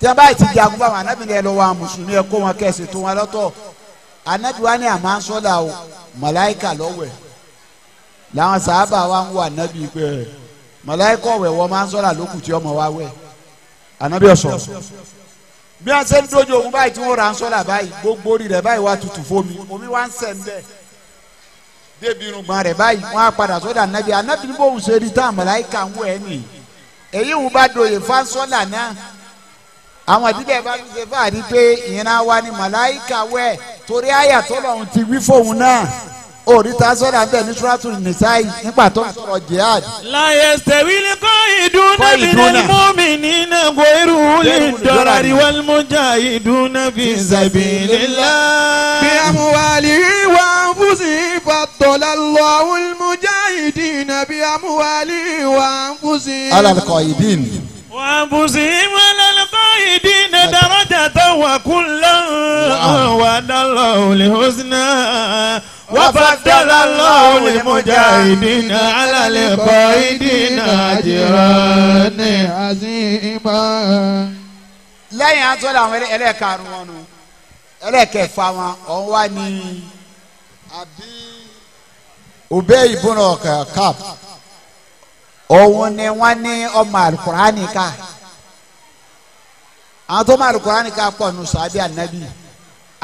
tí wọ́n báyìí ti jagun fáwọn anábì ni ẹ lọ́wọ́ àwọn mùsùlùmí ẹ kó wọn kẹ́sì tó wọn lọ́tọ̀ anábì wá ní àmọ́ sọ́dà o màláìkà lọ́wẹ̀ làwọn sàábà wá ń wọ anábì pé màláìkà ọ̀wẹ̀ wọ́n máa ń sọ́dà lókù tí ọmọ wa wẹ̀ anábì ọ̀sọ̀ bí wọ́n ṣe ń dojú ogun báyìí tí wọ́n ra ń sọ́dà báyìí gbogbo orí rẹ̀ báyìí wá tutù fómi omi wá ń sẹ̀ ń bẹ́ẹ̀ débi irùngbọ̀n rẹ̀ báyìí wọ́n á padà sọ́dà anábì anábì níbo òun èyí wù bá doyè fásọ́là náà àwọn àdìdẹ bá tún ṣe fáàrí pé ìyẹn náà wá màláìka wẹ̀ torí àyà tó lọ́hùn ti wí fóun náà òrìta sọ́dà bẹ́ẹ̀ ní sùràtù nìsáyì nígbà tó ń sọ̀rọ̀ jihad. láyé sẹ́wí kọ́ ìdúná fi náà mú mi nínú gbèrú lè dọ́là rí wọ́n mú jà ìdúná fi sabilillah. bí amúhalì wà fún sí ìfàtọ̀lá lọ́wọ́ mú jà bí amúwálí wà ń bùsí. alàlùkọ ìdín. wà ń bùsí alàlùkọ ìdín dàrọ́jà tó wà kúlọ̀ wà dàlọ́ òlì hosnà wàfàdàlà lọ́wọ́lì mujahidina alàlẹ́ kọ́ ìdínà àjẹrọ ní àzìmọ́. lẹ́yìn atọ́lẹ̀ àwọn ẹlẹ́ẹ̀karùn-ún wọn nù ẹlẹ́ẹ̀kẹfà wọn ọ̀hún wá ní àbí. Ubay ibn Ka'b òun ni wọ́n ní ọmọ alukurani ká àwọn tó mọ alukurani ká pọ̀ nù sàbí ànábì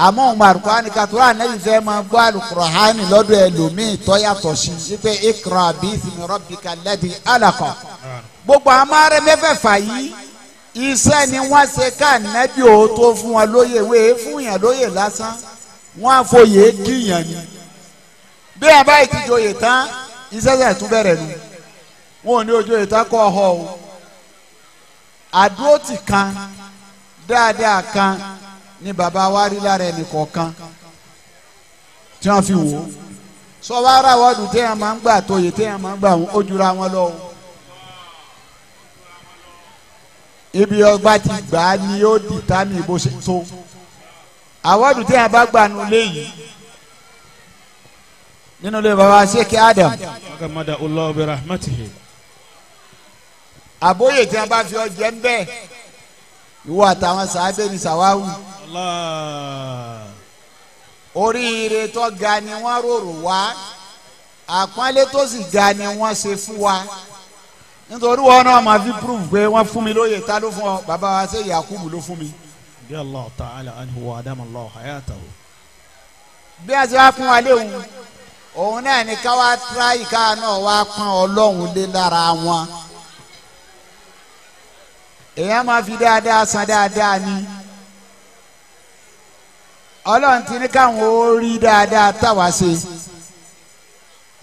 àmọ́ ọmọ alukurani ká tó ànábì fẹ́ máa gbọ́ alukurani lọ́dọ̀ ẹlòmíì tọ́yàtọ̀ sí ikra gbogbo àwọn ará mẹ́fẹ̀ẹ̀fà yìí ni wọ́n ṣe ká ka òótó fún wọn lóye wéé fún yàn lóye lásán afọ àfọyé kíyàn ni. bí a bá ti joyè tán ìṣẹ̀ṣẹ̀ tún bẹ̀rẹ̀ nu wọn ò ní ojú ìta kọ́ ọ̀họ́ o àdúrótì kan dáadáa kan ni bàbá wa rí lára ẹnì kọ̀ọ̀kan tí wọ́n fi wò ó sọ́wọ́ ara wọ́ọ̀dù téèyàn máa ń gbà tóyè téèyàn máa ń gbà ó wọn lọ o ibi ọgbà ti gbà á ni yóò dìtà ní ìbò tó àwọ̀dù téèyàn bá gbà nulẹ̀ yìí. nínú ilé baba sheikh adam. agamada allah bi rahmatihi. àbóyè tí wọn bá fi ọjọ́ ń bẹ́ẹ̀ ìwọ àtàwọn sàábẹ́ ní sàwáwù. oríire tó ga ni wọ́n rorò wá àpọ́nlé tó sì ga ni wọ́n ṣe fún wa nítorí wọn náà máa fi prove pé wọ́n fún mi lóye ta ló fún ọ bàbá wa ṣe yakubu ló fún mi. bí a ṣe wá fún wa léwu òun náà ní ká wá tíráyì ká náà wá pọ́n ọlọ́run lé lára wọn èèyàn máa fi dáadáa san dáadáa ni ọlọ́run ti ní káwọn ó rí dáadáa táwa ṣe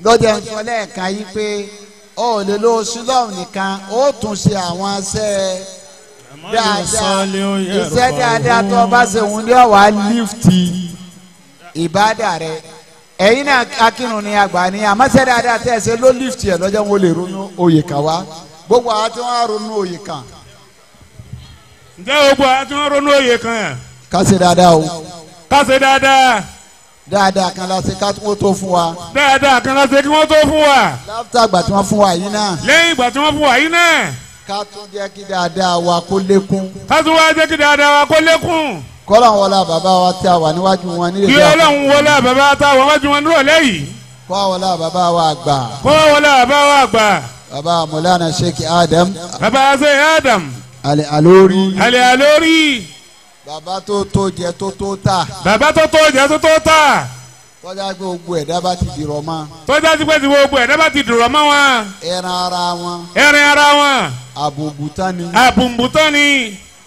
lọ́jọ́ nǹkan lẹ́ẹ̀kan yìí pé ó lè lo sílọ́ọ̀ nìkan ó tún ṣe àwọn iṣẹ́ dáadáa iṣẹ́ dáadáa tó bá ṣe òun ni ọ̀ wá ìbádà rẹ̀ ẹ̀yin náà akínú ni àgbà ni àmọ́sẹ́ dáadáa tẹ́ ẹ ṣe ló lift yẹ lọ́jọ́ wo lè ronú oyè kan wá gbogbo àwọn tí wọ́n ronú oyè kan. ǹjẹ́ gbogbo àwọn tí wọ́n ronú oyè kan. ká ṣe dáadáa o. ká ṣe dáadáa. dáadáa kan la ṣe ká wọ́n tó fún wa. dáadáa kan la ṣe kí wọ́n tó fún wa. láfíà ìgbà tí wọ́n fún wa yìí náà. lẹ́yìn ìgbà tí wọ́n fún wa yìí náà. ká tún jẹ́ kí dáadáa wa kó lékún. ká tún wá kọ́lọ́n wọlé bàbá wa tí a wà níwájú wọn nílé bí a. kí ọlọ́run wọlé bàbá tá a wà níwájú wọn nírọ̀lẹ́ yìí. kọ́ wọlé bàbá wa àgbà. kọ́ wọlé bàbá wa àgbà. bàbá mọ̀lánà sheikh adam. Baba ṣe adam. ali alori. ali alori. Baba tó tó jẹ tó tó ta. bàbá tó tó jẹ tó tó ta. tọ́jà pé gbogbo ẹ̀dá bá ti dìrọ̀ mọ́. tọ́jà pé gbogbo ẹ̀dá bá ti dìrọ̀ mọ́ wọn. ẹran ara wọn. ẹran ara wọn. àbùnbùtán ni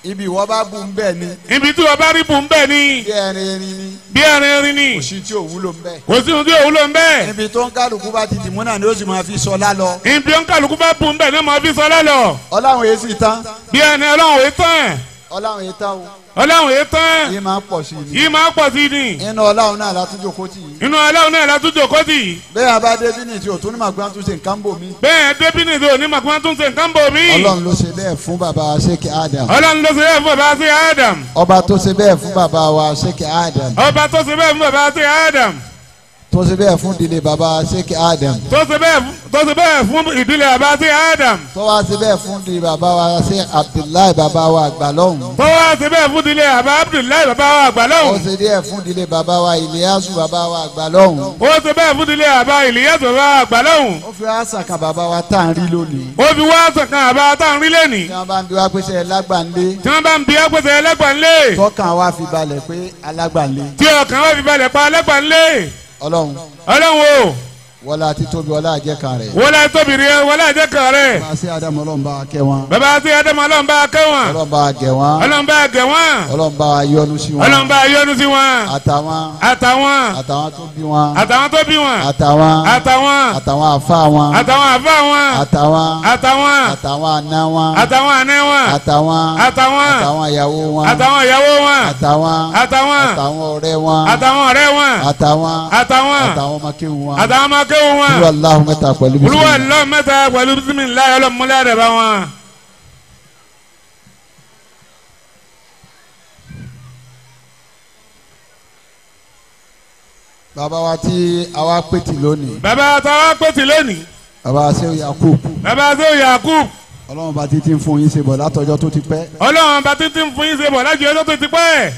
ibi ìwọ bá bu ń bẹ ni. ibi tí wọ́n bá rí bu ń bẹ ni. bí ẹrin erin ni. bí ẹrin erin ni. kò sí tí ò wúlò ń bẹ. kò sí tí ò wúlò ń bẹ. ibi tó ń kálukú bá ti dìmú náà ni ó sì máa fi sọ lálọ. ibi tó ń kálukú bá bu ń bẹ ni ó máa fi sọ lálọ. ọlọ́run èsì tán. bí ẹni ọlọ́run èsì tán. ọlọ́run èsì tán o ọlọ́run yìí tán. yìí máa pọ̀ sí ni. yìí máa pọ̀ sí ni. inú ọlọ́run náà látúndò kọ́tì yìí. inú ọlọ́run náà látúndò kọ́tì bẹ́ẹ̀ abá débìnì tí òtún ní màgbọ́n tún ṣe nǹkan bò mí. bẹ́ẹ̀ débìnì tí òní màgbọ́n tún ṣe nǹkan bò mí. ọlọ́run ló ṣe bẹ́ẹ̀ fún bàbá sẹ́kì Adam. ọlọ́run ló ṣe bẹ́ẹ̀ fún bàbá sẹ́kì Adam. ọba tó ṣe bẹ́ẹ̀ fún bàbá wa sẹ́kì Adam. ọba tó ṣe bẹ́ẹ̀ fún bàbá sẹ́kì Adam tó ṣe bẹ́ẹ̀ fún ìdílé baba seki adam. tó ṣe bẹ́ẹ̀ tó ṣe bẹ́ẹ̀ fún ìdílé baba seki adam. tó wá ṣe bẹ́ẹ̀ fún ìdílé baba wa ṣe abdullahi baba wa àgbà lọ́hùn. tó wá ṣe bẹ́ẹ̀ fún ìdílé baba abdullahi baba wa àgbà lọ́hùn. ó ṣe bẹ́ẹ̀ fún ìdílé baba wa iliyasu baba wa àgbà lọ́hùn. ó ṣe bẹ́ẹ̀ fún ìdílé baba iliyasu baba wa àgbà lọ́hùn. ó fi wá sàkàn baba wa tá à ń rí lónìí. ó fi wá sàkàn baba tá à ń rí lónìí. tí wọ́n bá ń bi wa fi balẹ̀ pé alágbàǹlé. tí wa fi balẹ̀ pa alágbàǹlé ọlọ́run. ọlọ́run o wọlé àti tóbi wọlé àjẹkà rẹ. wọlé àti tóbi rẹ wọlé àjẹkà rẹ. bàbá sí adamu ọlọ́nba kẹ́ wọn. bàbá sí adamu ọlọ́nba kẹ́ wọn. ọlọ́nba gẹ̀ wọn. ọlọ́nba gẹ̀ wọn. ọlọ́nba yọ́nú sí wọn. ọlọ́nba yọ́nú sí wọn. àtàwọn. àtàwọn. àtàwọn tó bí wọn. àtàwọn tó bí wọn. àtàwọn. àtàwọn. àtàwọn àfa wọn. àtàwọn àfa wọn. àtàwọn. àtàwọn. àtàwọn àna wọn. àtàwọn àna wọn. àtàwọn. àtàwọn. àtàwọn ìyàwó wọn. àtàwọn àtàwọn. àtàwọn. àtàwọn gbólóhùn wọn. olúwa aláhùn mẹ́ta pẹ̀lú bísí. olúwa aláhùn mẹ́ta pẹ̀lú bísí mi láyọ̀ ọlọ́mọlẹ́ àdàbà wọn. bàbá wa tí a wá pètì lónìí. bàbá wa tí a wá pètì lónìí. bàbá sèw yakub. bàbá sèw yakub. ọlọ́run bá títí fún yín ṣe bọ̀ látọjọ́ tó ti pẹ́. ọlọ́run bá títí fún yín ṣe bọ̀ látọjọ́ tó ti pẹ́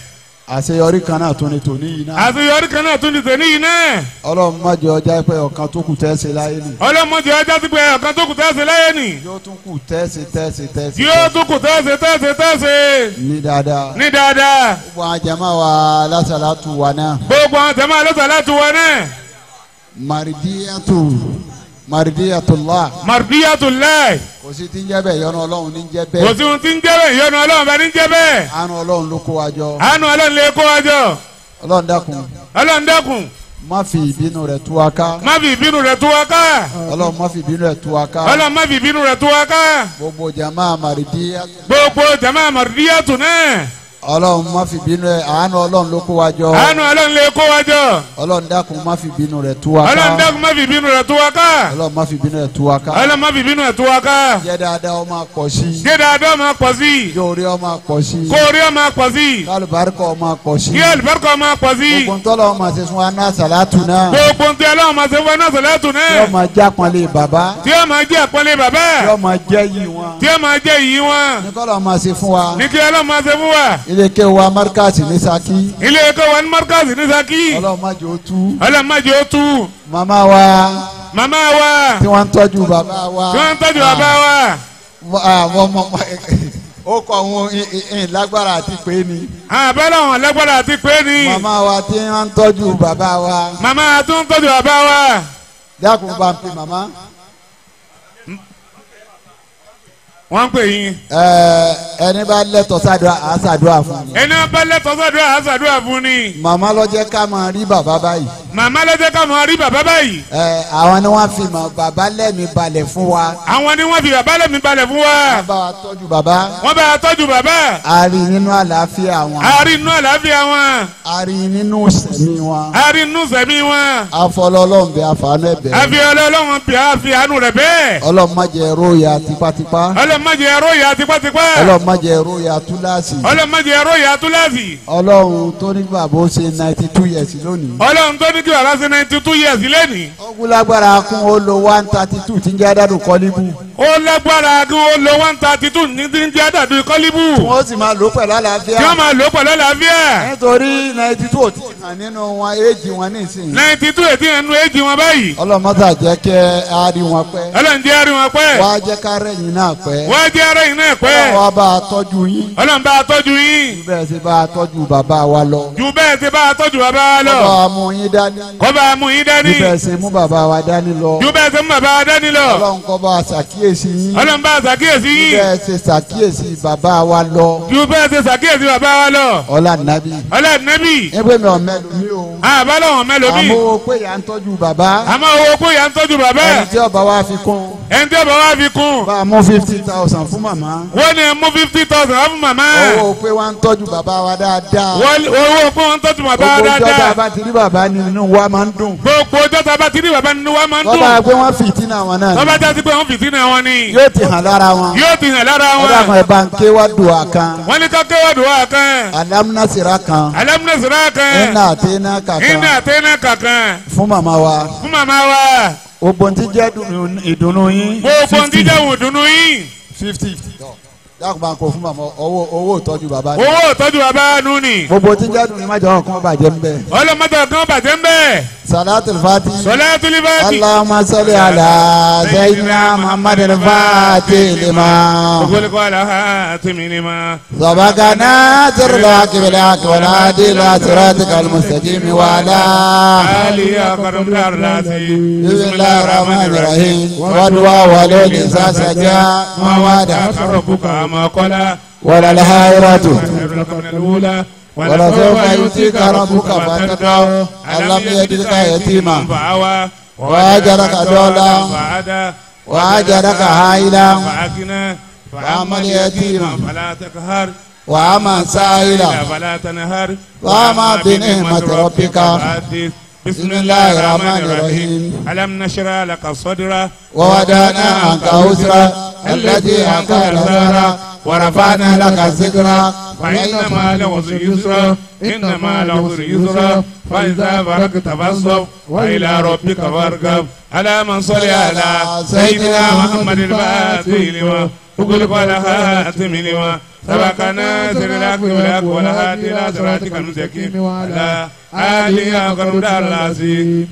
àṣeyọrí kan náà tún ni tòní yìí náà. àṣeyọrí kan náà tún ni tòní yìí náà. ọlọ́run má jẹ́ ọjà pé ọ̀kan tó kù tẹ́sí láyé nì. ọlọ́run má jẹ́ ọjà pé ọ̀kan tó kù tẹ́sí láyé nì. yóò tún kù tẹ́sí tẹ́sí tẹ́sí. yóò tún kù tẹ́sí tẹ́sí tẹ́sí. ní dáadáa. ní dáadáa. gbogbo àwọn jama wa lásàlátù wa náà. gbogbo àwọn jama lásàlátù wa náà. maridiyatu maridiyatullah. maridiyatullah kò sí ti ń jẹ́ bẹ́ẹ̀ yọnu ọlọ́run ní ń jẹ́ bẹ́ẹ̀. kò sí ti ń jẹ́ bẹ́ẹ̀ yọnu ọlọ́run bá ní ń jẹ́ bẹ́ẹ̀. àánú ọlọ́run ló kó wa jọ. àánú ọlọ́run lè kó wa jọ. ọlọ́run dákun. ọlọ́run má fi ìbínú rẹ̀ tú wa ká. má fi ìbínú rẹ̀ tú wa ká. ọlọ́run má fi ìbínú rẹ̀ tú wa ká. ọlọ́run má fi ìbínú rẹ̀ tú wa ká. gbogbo jama maridiyatu. gbogbo jama maridiyatu náà ọlọ́run má fi bínú rẹ àánú ọlọ́run ló kó wa jọ. àánú ọlọ́run lè kó wa jọ. ọlọ́run dákun má fi bínú rẹ tú wa ká. ọlọ́run dákun má fi bínú rẹ tú wa ká. ọlọ́run má fi bínú rẹ tú wa ká. ọlọ́run má fi bínú rẹ tú wa ká. jẹ́ dáadáa ó máa pọ̀ sí i. jẹ́ dáadáa ó máa pọ̀ sí i. jẹ́ orí ó máa pọ̀ sí i. kó orí ó máa pọ̀ sí i. kí alùbáríkà ó máa pọ̀ kí alùbáríkà ó máa pọ̀ sí i. gbogbo wa náà sàlátù náà. gbogbo ntọ́ lọ́wọ́ ilé wa markazi ní Ṣakí. ilé wa markazi ní Ṣakí. ọlọ́run má jẹ́ ó tú. ọlọ́run má wa. Mama wa. tí wọ́n ń tọ́jú baba wa. tí wọ́n ń tọ́jú bàbá wa. àwọn ọmọ ah, ah, ó kọ àwọn ìlágbára àti pé ni. àbẹ̀rẹ̀ àwọn lágbára àti pé ni. Mama ah, wa tí wọ́n ń tọ́jú bàbá wa. Mama wa tí wọ́n ń tọ́jú bàbá wa. dákun bá ń pè màmá. wọ́n ń pè yín. ẹni bá lẹ́tọ̀ sàdúrà á sàdúrà fún ni. ẹni bá lẹ́tọ̀ sàdúrà á sàdúrà fún ni. màmá ló jẹ́ ká máa rí bàbá báyìí. màmá ló jẹ́ ká máa rí bàbá báyìí. àwọn ni wọ́n fi bàbá lẹ́mí balẹ̀ fún wa. àwọn ni wọ́n fi bàbá lẹ́mí balẹ̀ fún wa. wọ́n bá wa tọ́jú bàbá. wọ́n bá wa tọ́jú bàbá. a rí nínú àlàáfíà wọn. a rí nínú àlàáfíà wọn. a rí nínú sẹ̀mí wọn. a rí nínú sẹ̀mí wọn. afọlọ́lọ́run bẹ àfààní ẹ̀bẹ̀. afọlọ́lọ́run bẹ àfààní rẹ̀ bẹ́ẹ̀. ọlọ́run má jẹ́ róòyà tipátipá. ọlọ́ ọlọ́run má jẹ́ ẹ̀rọ ìyá tipẹ́tipẹ́. ọlọ́run má jẹ́ ẹ̀rọ ìyá túláàsì. ọlọ́run má túláàsì. ọlọ́run tó ní bàbá ṣe ninety two years lónìí. ọlọ́run tó ní kí bàbá ṣe ninety two years lónìí. ó kú lágbára kún ó lo one thirty two tí ń jẹ́ àdàdù kọ́líbù. ó lágbára kún ó lo one thirty two tí ń jẹ́ àdàdù kọ́líbù. tí wọ́n sì máa lò pẹ̀lú àlàáfíà. tí wọ́n máa lò pẹ̀lú àlàáfíà. nítorí ninety two ò ti hàn nínú wọn éèjì wọn nísìnyí. ninety two ètí ẹnu éèjì wọn báyìí. ọlọ́run má jẹ́ kẹ́ wọn pẹ́. ọlọ́run jẹ́ á wọn pẹ́. wàá jẹ́ ká rẹ̀yìn náà pẹ́ wọ́n jẹ́ ara iná ẹ̀pẹ́. ọlọ́run bá a tọ́jú yín. ọlọ́run bá a tọ́jú yín. ju bẹ́ẹ̀ ṣe bá a tọ́jú bàbá wa lọ. ju bẹ́ẹ̀ ṣe bá a tọ́jú bàbá wa lọ. kọ́ba mú yín dání. kọ́ba mú yín dání. ju bẹ́ẹ̀ ṣe mú bàbá wa dání lọ. ju bẹ́ẹ̀ ṣe mú bàbá wa dání lọ. ọlọ́run kọ́ bá a ṣàkíyèsí yín. ọlọ́run bá a ṣàkíyèsí yín. ju bẹ́ẹ̀ ṣe òun. àbá ah, làwọn mẹlòmíì. àmọ́ owó pé ìyá ń tọ́jú bàbá. àmọ́ owó pé ìyá ń tọ́jú bàbá. ẹni tí ọba wa fi kún. ẹni tí ọba wa fi kún. bá a mú fifty thousand fún màmá. wọ́n ní mú fifty thousand fún màmá. owó pé wọ́n ń tọ́jú bàbá wa dáadáa. owó pé wọ́n ń tọ́jú bàbá wa dáadáa. gbogbo ọjọ́ tá a bá ti rí bàbá nínú wa máa ń dùn. gbogbo ọjọ́ tá a bá ti rí bàbá nínú wa máa ń dùn. tọ́ba pé wọ́n fìtínà wọn náà. tọ́ba jẹ́ pé wọ́n fìtínà wọn ni. yóò ti hàn lára wọn. yóò ti hàn lára náà tẹ́ àtẹ́ná kankan. iná àtẹ́ná kankan. fún màmá wa. fún màmá wa. gbogbo ntí jẹ́ ìdùnnú yín. gbogbo ntí jẹ́ ìdùnnú yín. fifty dákun bá ń kó fún bàbá owó owó ìtọ́jú bàbá ni. owó ìtọ́jú bàbá nu ni. gbogbo tí jádùn ni májọ kan bàjẹ́ ń bẹ̀. ọlọmọdé kan bàjẹ́ ń bẹ̀. salatul fati. salatul fati. allahumma salli ala sayyidina muhammadin fati lima. ogolokọ alaha tumi lima. sabaka nasir la kibila kibila di la surati kalmustajimi wala. ali akarum darla si. bisimilahi rahim. waduwa walo saja. mawada karobuka. وما قلى ولا لها الهائرة الأولى سوف يؤتيك ربك فتدعو ألم يجدك يتيما فعوى وأجرك دولا فعدا وأجرك عائلا فأكنا فأما اليتيما فلا تقهر وأما سائلا فلا تنهر وأما بنعمة ربك فحدث بسم الله الرحمن الرحيم ألم نشرح لك صدرا ووضعنا عنك أسرا الذي أنت أسرا ورفعنا لك ذكرا فإنما له العسر يسرا إنما له العسر يسرا فإذا فرقت فاصبر وإلى ربك فارغب على من صلي على سيدنا محمد الفاتح وقلب لها أتم لما سبقنا سر الأكل والأكل ولها إلى صراطك المستقيم وعلى آله أقرب العظيم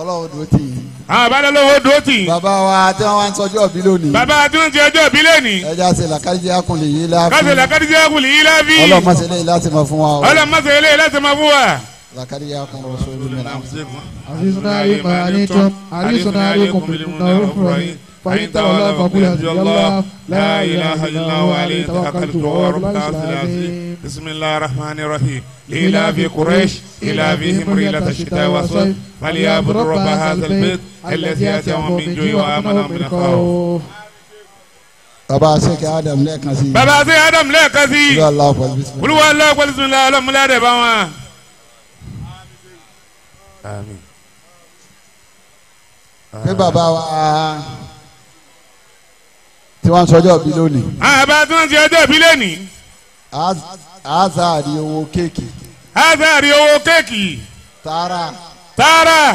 ọlọ́run dúró tì í. àwọn ah, bàbá lọ́wọ́ dúró tì í. bàbá wa tí wọ́n ń sọjọ́ bí lónìí. bàbá tí wọ́n ń sọjọ́ bí lónìí. ẹja ṣe làkàdíjẹ́ akunlè yìí láàfin. káṣe làkàdíjẹ́ akunlè yìí láàfin. ọlọ́run má ṣe eléyìí láti máa fún wa. ọlọ́run má ṣe eléyìí láti máa fún wa. làkàdíjẹ́ akunlè sọ́ọ́lù mẹ́ta. àfisùn náà yóò máa ní tọ́ àfisùn náà yóò kọ̀ فإن تولوا فقل حسبي الله لا إله إلا هو عليه توكلت وهو رب العالمين بسم الله الرحمن الرحيم لإلاف قريش إلافهم ريلة الشتاء والصيف فليعبدوا رب هذا البيت الذي أتاهم من جوع وآمنهم من خوف baba se ke adam lẹ́ẹ̀kan sí. baba se adam lẹ́ẹ̀kan sí. wúlò aláwọ pẹ̀lú bisimilá. wúlò aláwọ pẹ̀lú bisimilá alamula de bá wọn. àmín. pé baba wa tí wọ́n ń sọjọ́ bí lónìí. àbá tí wọ́n ń sọjọ́ bí lónìí. àzàrí owó kéèkì. àzàrí owó kéèkì. tààrà. tààrà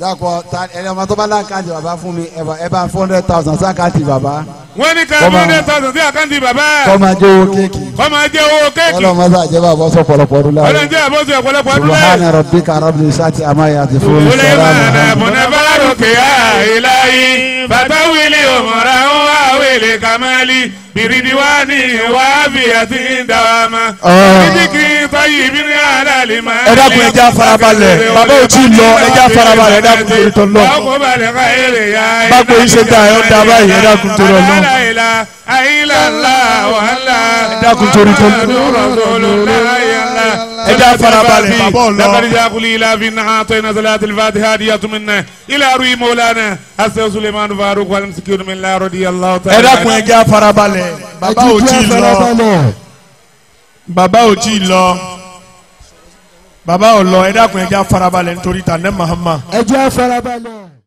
dakọ ta ẹlẹmọtọ bá lákàtì bàbá fún mi ẹ bá four hundred thousand sákàtì bàbá. wọ́n ní ká four hundred thousand sí àkáǹtì bàbá. kọ́ máa jẹ́ owó kéèkì. kọ́ máa jẹ́ owó kéèkì. ọlọ́mọ sá jẹ́ bàbá sọ pọ̀lọpọ̀ ọdún láàyè. ọlọ́mọ jẹ́ àbọ̀sọ̀ pọ̀lọpọ̀ ọdún láàyè. subahana rabbi karabi sati amaya ti fún mi. wọlé bàbá mọ̀nàbárò kìá ìlàyé bàbá wílé òmùra ń wá wílé kàmáli biridiwani wàhábì àti dàwàmà. bíríkì tọ́yì bírí àdàlì máa. ẹ dákun ẹ já farabalẹ̀ bàbá ò tí ì lọ ẹ já farabalẹ̀ ẹ dákun torí tọ́ lọ. báwo balẹ̀ ká èrè ya. báwo yìí ṣe ta ẹ̀ ọ́ da báyìí ẹ dákun torí ọ lọ. ayílàlá wàhálà. ẹ dákun torí tọ́ lọ ẹja farabalẹ̀ mabọ lọ. lakadija kuli ilaafi naha toyina salati fatiha adiya tuminna ilaaru yi mawlana ase sulemanu faruk alimisikiru min laaro di yalaw ta. ẹja kun ẹja farabalẹ̀ baba o ti lọ baba o ti lọ baba o lọ ẹja kun ẹja farabalẹ̀ nítorí ta ne mahama. ẹja farabalẹ̀.